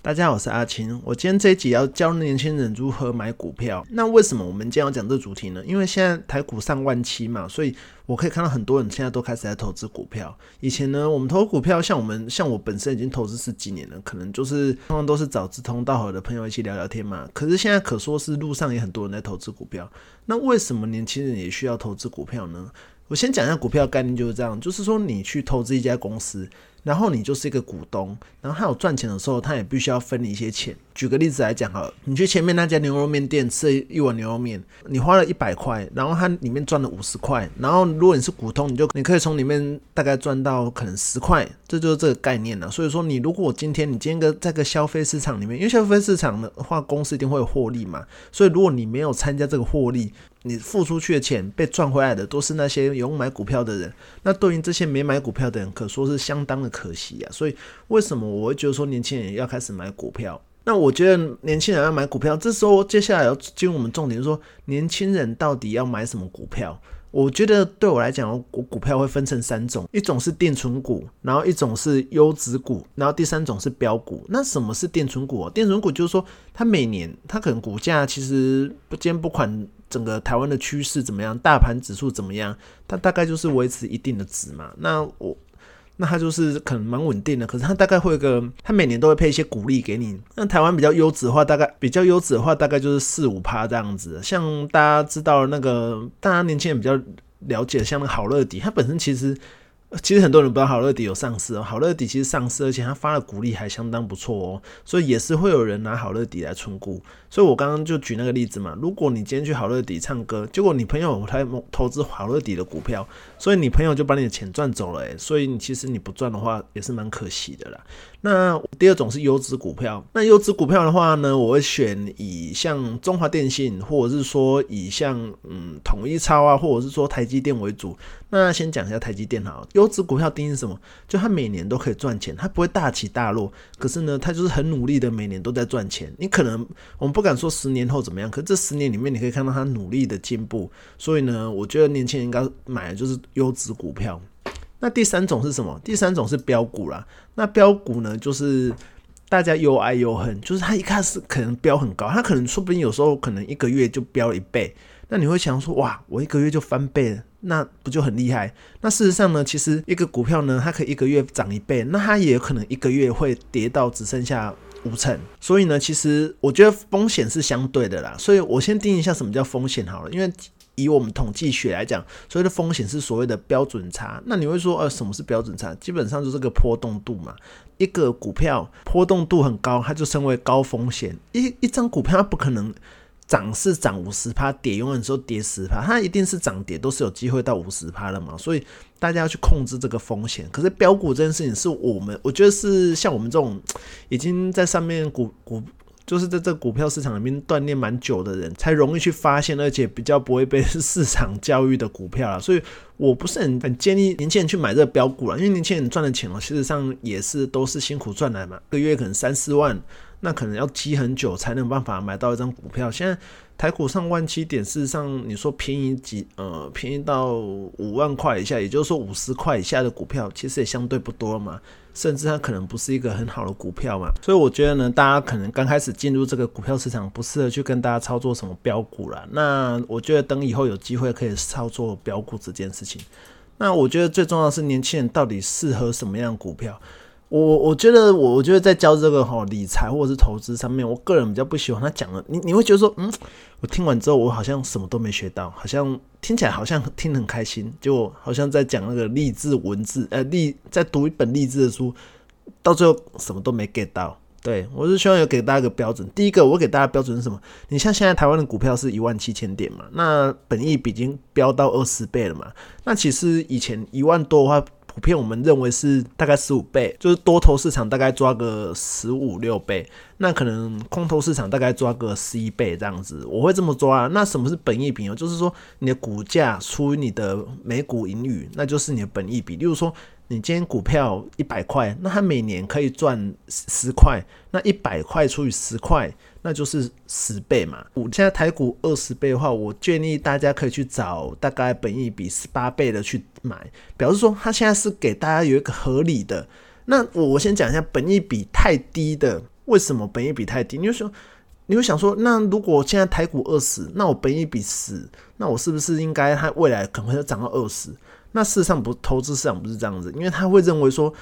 大家好，我是阿青。我今天這一集要教年輕人如何買股票。那為什麼我們今天要講這主題呢？因為現在台股上萬七嘛，所以我可以看到很多人現在都開始在投資股票。以前呢，我們投股票，像我們像我本身已經投資十幾年了，可能就是通常都是找志同道合的朋友一起聊聊天嘛。可是現在可說是路上也很多人在投資股票。那為什麼年輕人也需要投資股票呢？我先講一下股票概念就是這樣，就是說你去投資一家公司。然後你就是一個股東，然後他有賺錢的時候，他也必須要分你一些錢。舉個例子來講哈，你去前面那家牛肉麵店吃一碗牛肉麵，你花了一百塊，然後它裡面賺了五十塊，然後如果你是股東，你就你可以從裡面大概賺到可能十塊，這就是這個概念了。所以說，你如果今天你今天在這個消費市場裡面，因為消費市場的話，公司一定會有獲利嘛，所以如果你沒有參加這個獲利，你付出去的錢被賺回來的都是那些有買股票的人，那對於這些沒買股票的人可說是相當的可惜啊。所以為什麼我會覺得說年輕人要開始買股票？那我覺得年輕人要買股票，這時候接下來要進入我們重點，就說年輕人到底要買什麼股票？我覺得對我來講，股股票會分成三種，一種是定存股，然後一種是優質股，然後第三種是飆股。那什麼是定存股？定存股就是說，它每年它可能股價其實不兼不款，整個台灣的趨勢怎麼樣，大盤指數怎麼樣，它大概就是維持一定的值嘛。那我。那他就是可能蠻穩定的，可是他大概會一個，他每年都會配一些股利給你。那台灣比較優質的話，大概比較優質的話，大概就是四五趴這樣子。像大家知道那個，大家年輕人比較了解，像那個好樂迪，它本身其實。其實很多人不知道好樂迪有上市哦、喔，好樂迪其實上市，而且它發的股利還相當不錯哦、喔，所以也是會有人拿好樂迪來存股。所以我剛剛就舉那個例子嘛，如果你今天去好樂迪唱歌，結果你朋友他投資好樂迪的股票，所以你朋友就把你的錢賺走了哎、欸，所以你其實你不賺的話，也是蠻可惜的啦。那第二種是優質股票。那優質股票的話呢，我會選以像中華電信，或者是說以像嗯統一超啊，或者是說台積電為主。那先講一下台積電好，優質股票定義是什麼？就它每年都可以賺錢，它不會大起大落，可是呢，它就是很努力的每年都在賺錢。你可能我們不敢說十年後怎麼樣，可是這十年裡面你可以看到它努力的進步。所以呢，我覺得年輕人應該買的就是優質股票。那第三種是什麼？第三種是飆股啦。那飆股呢，就是大家又愛又恨。就是它一開始可能飆很高，它可能說不定有時候可能一個月就飆一倍。那你會想說，哇，我一個月就翻倍，那不就很厲害？那事實上呢，其實一個股票呢，它可以一個月漲一倍，那它也有可能一個月會跌到只剩下五成。所以呢，其實我覺得風險是相對的啦。所以我先定義一下什麼叫風險好了，因為。以我們統計學來講，所謂的風險是所謂的標準差。那你會說，呃，什麼是標準差？基本上就是個波動度嘛。一個股票波動度很高，它就稱為高風險。一一張股票它不可能漲是漲五十趴，跌有的時候跌十趴，它一定是漲跌都是有機會到五十趴了嘛。所以大家要去控制這個風險。可是標股這件事情，是我們我覺得是像我們這種已經在上面股股。就是在這股票市場裡面鍛鍊蠻久的人，才容易去發現，而且比較不會被市場教育的股票啦。所以，我不是很很建議年輕人去買這個飆股啦，因為年輕人賺的錢哦、喔，事實上也是都是辛苦賺來嘛，一個月可能三四萬，那可能要積很久才能辦法買到一張股票。現在。台股上萬七點，事實上你說便宜幾呃，便宜到五萬塊以下，也就是說五十塊以下的股票，其實也相對不多嘛，甚至它可能不是一個很好的股票嘛，所以我覺得呢，大家可能剛開始進入這個股票市場，不適合去跟大家操作什麼飆股啦。那我覺得等以後有機會可以操作飆股這件事情，那我覺得最重要的是年輕人到底適合什麼樣的股票。我我覺得我我覺得在教這個吼、哦，理財或者是投資上面，我個人比較不喜歡他講的，你你會覺得說，嗯，我聽完之後我好像什麼都沒學到，好像聽起來好像聽得很開心，就好像在講那個勵志文字，呃勵在讀一本勵志的書，到最後什麼都沒 get 到。對我是希望有給大家一個標準，第一個我給大家標準是什麼？你像現在台灣的股票是一萬七千點嘛，那本益比已經飆到二十倍了嘛，那其實以前一萬多的話。普遍我們認為是大概十五倍，就是多頭市場大概抓個十五六倍，那可能空頭市場大概抓個十一倍這樣子，我會這麼抓啊。那什麼是本益比？就是說你的股價除以你的每股盈餘，那就是你的本益比。例如說。你今天股票一百塊，那它每年可以賺十塊，那一百塊除以十塊，那就是十倍嘛。我現在台股二十倍的話，我建議大家可以去找大概本益比十八倍的去買，表示說它現在是給大家有一個合理的。那我我先講一下本益比太低的，為什麼本益比太低？你會說，你會想說，那如果現在台股二十，那我本益比十，那我是不是應該它未來可能會漲到二十？那事實上不，投資市場不是這樣子，因為他會認為說，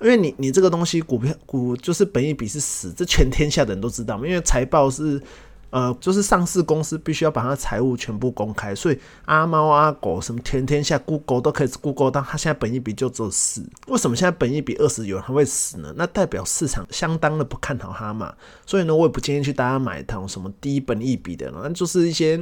因為你你這個東西股票股就是本益比是十，這全天下的人都知道，因為財報是，呃，就是上市公司必須要把他的財務全部公開，所以阿貓阿狗什麼天天下 Google 都可以 Google 到，他現在本益比就只有十，為什麼現在本益比二十有人還會死呢？那代表市場相當的不看好他嘛，所以呢，我也不建議去大家買一套什麼低本益比的，那就是一些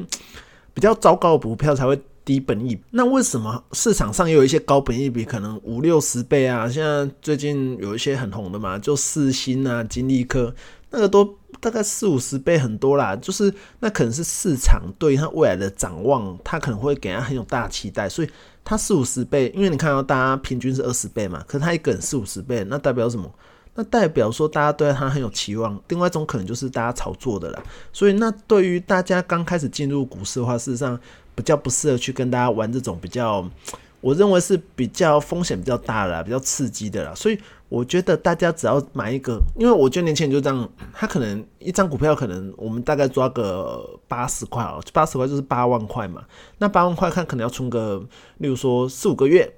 比較糟糕的股票才會。低本益，那為什麼市場上也有一些高本益比，可能五六十倍啊？現在最近有一些很紅的嘛，就四星啊、金利科那個都大概四五十倍很多啦。就是那可能是市場對他未來的展望，他可能會給人很有大期待，所以它四五十倍，因為你看到大家平均是二十倍嘛，可是他一個人四五十倍，那代表什麼？那代表說大家對他很有期望。另外一種可能就是大家炒作的啦。所以那對於大家剛開始進入股市的話，事實上。比較不適合去跟大家玩這種比較，我認為是比較風險比較大了，比較刺激的了。所以我覺得大家只要買一個，因為我覺得年輕人就這樣，他可能一張股票可能我們大概抓個八十塊哦，八十塊就是八萬塊嘛。那八萬塊看可能要存個，例如說四五個月，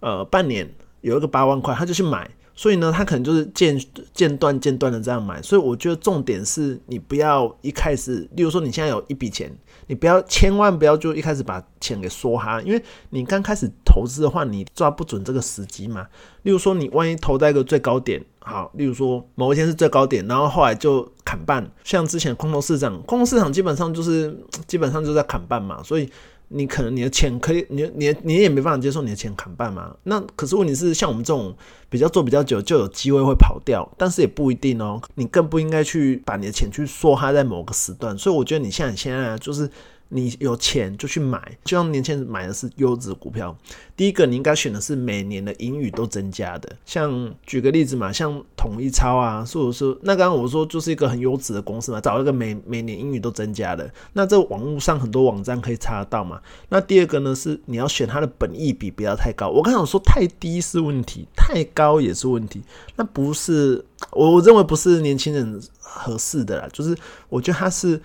呃，半年有一個八萬塊，他就去買。所以呢，他可能就是間間斷間斷的這樣買。所以我覺得重點是你不要一開始，例如說你現在有一筆錢，你不要千萬不要就一開始把錢給梭哈，因為你剛開始投資的話，你抓不準這個時機嘛。例如說你萬一投在一個最高點，好，例如說某一天是最高點，然後後來就砍半，像之前空頭市場，空頭市場基本上就是基本上就在砍半嘛，所以。你可能你的錢可以，你的你的你也沒辦法接受你的錢砍半嘛？那可是問題是，像我們這種比較做比較久，就有機會會跑掉，但是也不一定哦、喔。你更不應該去把你的錢去梭哈在某個時段。所以我覺得你現在現在就是。你有錢就去買，就像年輕人買的是優質股票。第一個，你應該選的是每年的盈餘都增加的。像舉個例子嘛，像統一超啊，或者說那剛剛我說，就是一個很優質的公司嘛，找一個每每年盈餘都增加的。那這網絡上很多網站可以查得到嘛。那第二個呢，是你要選它的本益比不要太高。我剛剛說太低是問題，太高也是問題。那不是我我認為不是年輕人合適的啦，就是我覺得它是。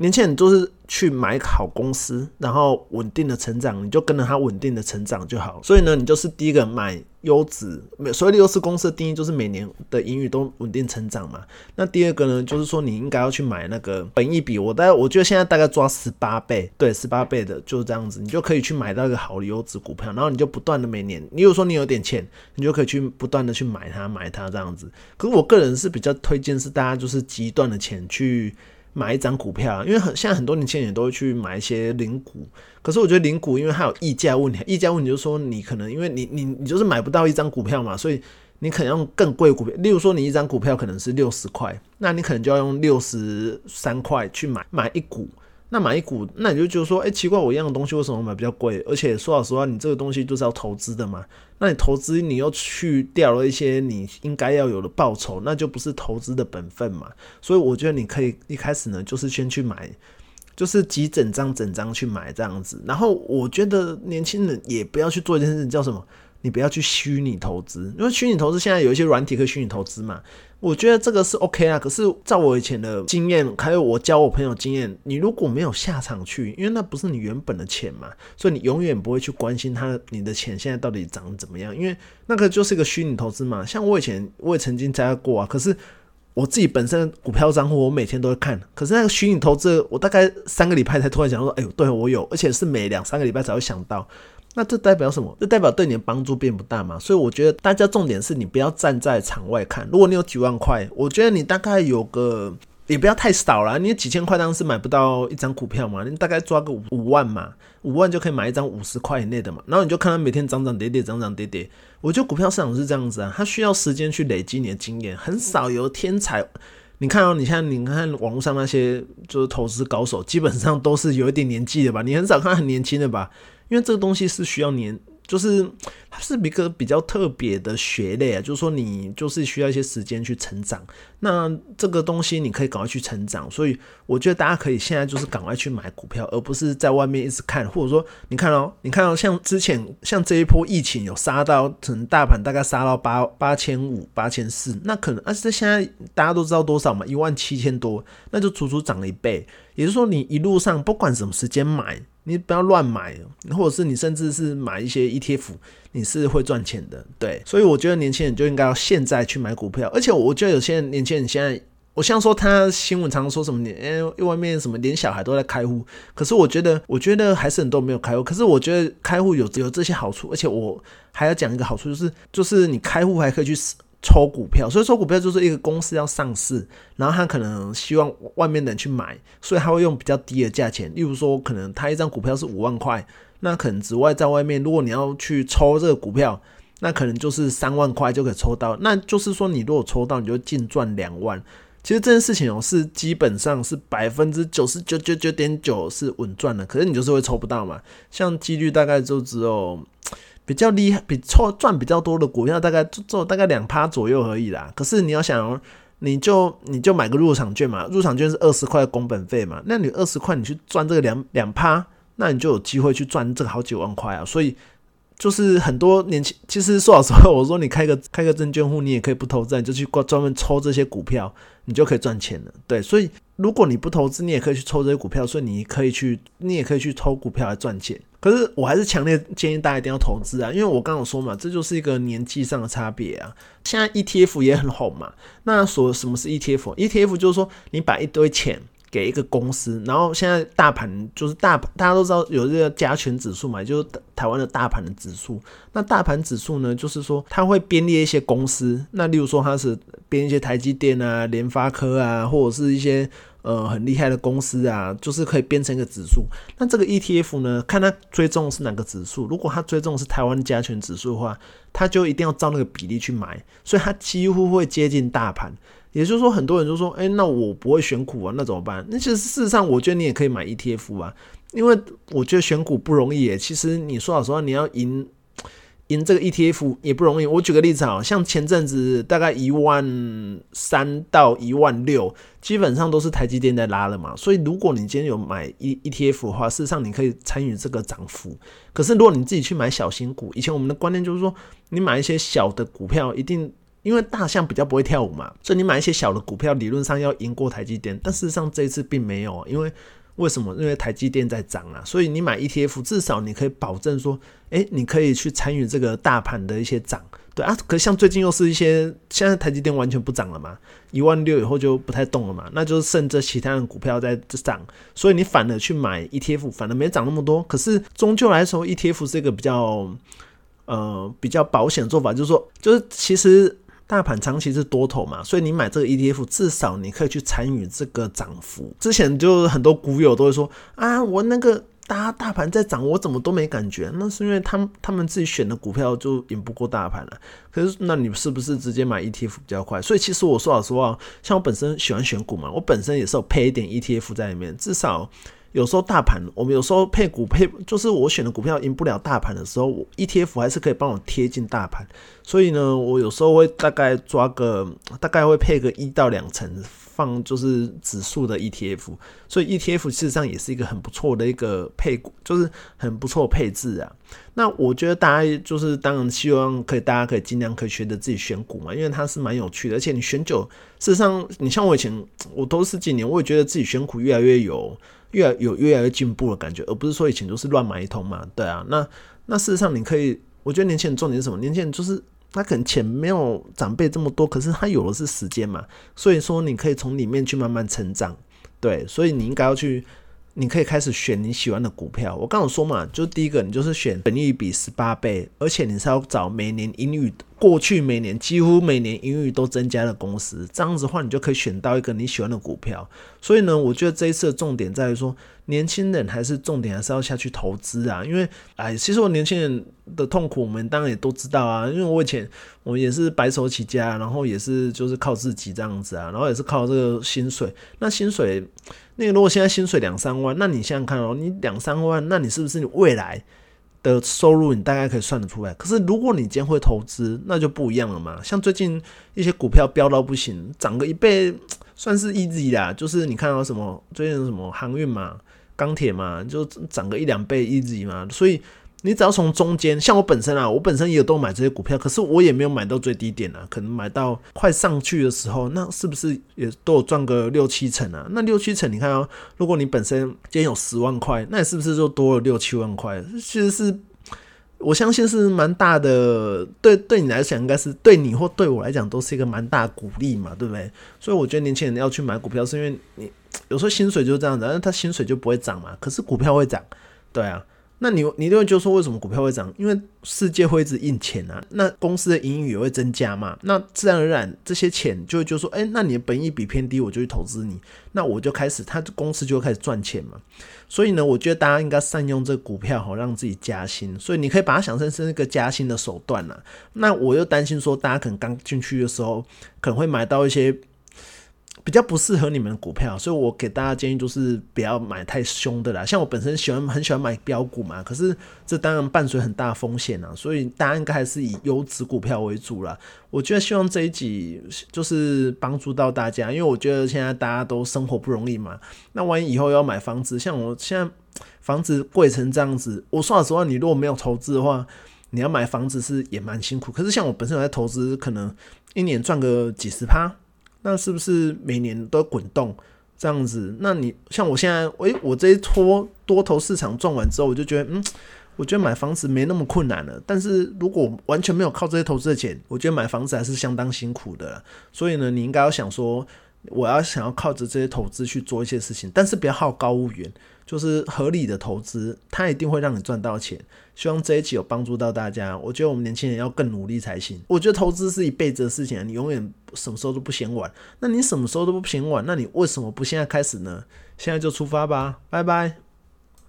年輕人就是去買好公司，然後穩定的成長，你就跟着它穩定的成長就好。所以呢，你就是第一個買優質，所謂優質公司的定義就是每年的盈餘都穩定成長嘛。那第二個呢，就是說你應該要去買那個本益比，我大概我覺得現在大概抓十八倍，對，十八倍的就這樣子，你就可以去買到一個好的優質股票，然後你就不斷的每年，你如果說你有點錢，你就可以去不斷的去買它，買它這樣子。可是我個人是比較推薦是大家就是極端的錢去買一張股票，因為很現在很多年輕人也都會去買一些零股，可是我覺得零股，因為它有溢價問題，溢價問題就是說，你可能因為你你你就是買不到一張股票嘛，所以你可能用更貴股票。例如說，你一張股票可能是六十塊，那你可能就要用六十三塊去買買一股。那買一股，那你就覺得說，哎、欸，奇怪，我一樣的東西為什麼買比較貴？而且說老實話，你這個東西就是要投資的嘛。那你投資，你又去掉了一些你應該要有的報酬，那就不是投資的本分嘛。所以我覺得你可以一開始呢，就是先去買，就是幾整張整張去買這樣子。然後我覺得年輕人也不要去做一件事，叫什麼？你不要去虛擬投資，因為虛擬投資現在有一些軟體可以虛擬投資嘛，我覺得這個是 OK 啊。可是照我以前的經驗，還有我教我朋友經驗，你如果沒有下場去，因為那不是你原本的錢嘛，所以你永遠不會去關心它，你的錢現在到底漲怎麼樣，因為那個就是一個虛擬投資嘛。像我以前我也曾經摘過啊，可是我自己本身股票賬戶我每天都會看，可是那個虛擬投資我大概三個禮拜才突然想說：哎呦，對我有，而且是每兩三個禮拜才會想到。那這代表什麼？這代表對你的幫助並不大嘛。所以我覺得大家重點是你不要站在場外看。如果你有幾萬塊，我覺得你大概有個也不要太少了。你幾千塊當然是買不到一張股票嘛。你大概抓個五萬嘛，五萬就可以買一張五十塊以內的嘛。然後你就看它每天漲漲跌跌，漲漲跌跌。我覺得股票市場是這樣子啊，它需要時間去累積你的經驗。很少有天才。你看哦、喔，你看，你看網絡上那些就是投資高手，基本上都是有一點年紀的吧？你很少看他很年輕的吧？因為這個東西是需要黏，就是。它是一個比較特別的學類啊，就是說你就是需要一些時間去成長。那這個東西你可以趕快去成長，所以我覺得大家可以現在就是趕快去買股票，而不是在外面一直看。或者說你看喔，你看哦、喔，你看到像之前像這一波疫情有，有殺到可能大盤大概殺到八八千五、八千四，那可能而且現在大家都知道多少嘛，一萬七千多，那就足足漲了一倍。也就是說，你一路上不管什麼時間買，你不要亂買，或者是你甚至是買一些 ETF。你是會賺錢的，對，所以我覺得年輕人就應該要現在去買股票。而且我覺得有些年輕人現在，我像說他新聞常常說什麼，哎，外面什麼連小孩都在開戶，可是我覺得，我覺得還是很多沒有開戶。可是我覺得開戶有只有這些好處，而且我還要講一個好處，就是就是你開戶還可以去抽股票。所以抽股票就是一個公司要上市，然後他可能希望外面的人去買，所以他會用比較低的價錢，例如說可能他一張股票是五萬塊。那可能之外，在外面，如果你要去抽這個股票，那可能就是三萬塊就可以抽到，那就是說你如果抽到，你就淨賺兩萬。其實這件事情哦、喔，是基本上是百分之九十九九九點九是穩賺的，可是你就是會抽不到嘛。像幾率大概就只有比較厲害，比抽賺比較多的股票大概做大概兩趴左右而已啦。可是你要想、喔，你就你就買個入場券嘛，入場券是二十塊的工本費嘛，那你二十塊你去賺這個兩兩趴，那你就有機會去賺這個好幾萬塊啊！所以就是很多年輕，其實說老實話，我說你開個開個證券戶，你也可以不投資，你就去專專門抽這些股票，你就可以賺錢了。對，所以如果你不投資，你也可以去抽這些股票，所以你可以去，你也可以去抽股票來賺錢。可是我還是強烈建議大家一定要投資啊，因為我剛剛有說嘛，這就是一個年紀上的差別啊。現在 ETF 也很好嘛，那所什麼是 ETF？ETF ETF 就是說你把一堆錢。給一個公司，然後現在大盤就是大盤，大家都知道有這個加權指數嘛，就是台灣的大盤的指數。那大盤指數呢，就是說它會編列一些公司，那例如說它是編一些台積電啊、聯發科啊，或者是一些呃很厲害的公司啊，就是可以編成一個指數。那這個 ETF 呢，看它追蹤是哪個指數，如果它追蹤的是台灣的加權指數的話，它就一定要照那個比例去買，所以它幾乎會接近大盤。也就是說，很多人就說：“哎、欸，那我不會選股啊，那怎麼辦？”那其實事實上，我覺得你也可以買 ETF 啊，因為我覺得選股不容易、欸。其實你說老實話，你要贏贏這個 ETF 也不容易。我舉個例子啊，像前陣子大概一萬三到一萬六，基本上都是台積電在拉了嘛。所以如果你今天有買 ETF 的話，事實上你可以參與這個漲幅。可是如果你自己去買小型股，以前我們的觀念就是說，你買一些小的股票一定。因為大象比較不會跳舞嘛，所以你買一些小的股票，理論上要贏過台積電，但事實上這一次並沒有。因為為什麼？因為台積電在漲啊，所以你買 ETF 至少你可以保證說，哎、欸，你可以去參與這個大盤的一些漲，對啊。可是像最近又是一些現在台積電完全不漲了嘛，一萬六以後就不太動了嘛，那就是剩這其他的股票在漲，所以你反而去買 ETF，反而沒漲那麼多。可是終究來說，ETF 是一個比較呃比較保險的做法，就是說，就是其實。大盤長期是多頭嘛，所以你買這個 ETF，至少你可以去參與這個漲幅。之前就很多股友都會說啊，我那個大大盤在漲，我怎麼都沒感覺，那是因為他們他們自己選的股票就贏不過大盤了，啊。可是那你是不是直接買 ETF 比較快？所以其實我說老實話，像我本身喜歡選股嘛，我本身也是有配一點 ETF 在裡面，至少。有時候大盤，我們有時候配股配，就是我選的股票贏不了大盤的時候，E T F 還是可以幫我貼近大盤，所以呢，我有時候會大概抓個，大概會配個一到兩成。放就是指數的 ETF，所以 ETF 事實上也是一個很不錯的一個配股，就是很不錯配置啊。那我覺得大家就是當然希望可以，大家可以盡量可以學着自己選股嘛，因為它是蠻有趣的。而且你選久，事實上你像我以前我都是今年，我也覺得自己選股越來越有，越來有越來越進步的感覺，而不是說以前都是亂買一通嘛。對啊，那那事實上你可以，我覺得年輕人重點是什麼？年輕人就是。那可能錢沒有長輩這麼多，可是他有的是時間嘛，所以說你可以從裡面去慢慢成長，對，所以你應該要去，你可以開始選你喜歡的股票。我剛剛說嘛，就第一個你就是選本益比十八倍，而且你是要找每年盈利，過去每年幾乎每年盈餘都增加的公司，這樣子的話，你就可以選到一個你喜歡的股票。所以呢，我覺得這一次的重點在於說，年輕人還是重點還是要下去投資啊。因為，哎，其實我年輕人的痛苦，我們當然也都知道啊。因為我以前我也是白手起家，然後也是就是靠自己這樣子啊，然後也是靠這個薪水。那薪水，那個如果現在薪水兩三萬，那你想想看哦，你兩三萬，那你是不是你未來？的收入你大概可以算得出來，可是如果你今天會投資，那就不一樣了嘛。像最近一些股票飆到不行，漲個一倍算是 easy 啦，就是你看到什麼最近什麼航運嘛、鋼鐵嘛，就漲個一兩倍 easy 嘛，所以。你只要從中間，像我本身啊，我本身也都有都買這些股票，可是我也沒有買到最低點啊，可能買到快上去的時候，那是不是也都有賺個六七成啊？那六七成，你看啊，如果你本身今天有十萬塊，那是不是就多了六七萬塊？其實是，我相信是蠻大的，對，對你來講應該是對你或對我來講都是一個蠻大鼓勵嘛，對不對？所以我覺得年輕人要去買股票，是因為你有時候薪水就是這樣子，啊，但他薪水就不會漲嘛，可是股票會漲，對啊。那你你就會就說，為什麼股票會漲？因為世界會一直印錢啊，那公司的盈餘也會增加嘛，那自然而然這些錢就就說，誒、欸，那你的本益比偏低，我就去投資你，那我就開始，他公司就會開始賺錢嘛。所以呢，我覺得大家應該善用這個股票，好讓自己加薪。所以你可以把它想成是一個加薪的手段啊。那我又擔心說，大家可能剛進去的時候，可能會買到一些。比較不適合你們的股票，所以我給大家建議就是不要買太凶的啦。像我本身喜歡很喜歡買標股嘛，可是這當然伴隨很大風險啊，所以大家應該還是以優質股票為主啦。我覺得希望這一集就是幫助到大家，因為我覺得現在大家都生活不容易嘛。那萬一以後要買房子，像我現在房子貴成這樣子，我說實話，你如果沒有投資的話，你要買房子是也蠻辛苦。可是像我本身我在投資，可能一年賺個幾十趴。那是不是每年都滾動這樣子？那你像我現在，誒、欸，我這一波多頭市場賺完之後，我就覺得，嗯，我覺得買房子沒那麼困難了。但是如果完全沒有靠這些投資的錢，我覺得買房子還是相當辛苦的。所以呢，你應該要想說，我要想要靠着這些投資去做一些事情，但是不要好高騖遠。就是合理的投資，它一定會讓你賺到錢。希望這一期有幫助到大家。我覺得我們年輕人要更努力才行。我覺得投資是一輩子的事情，你永遠什麼時候都不嫌晚。那你什麼時候都不嫌晚，那你為什麼不現在開始呢？現在就出發吧，拜拜。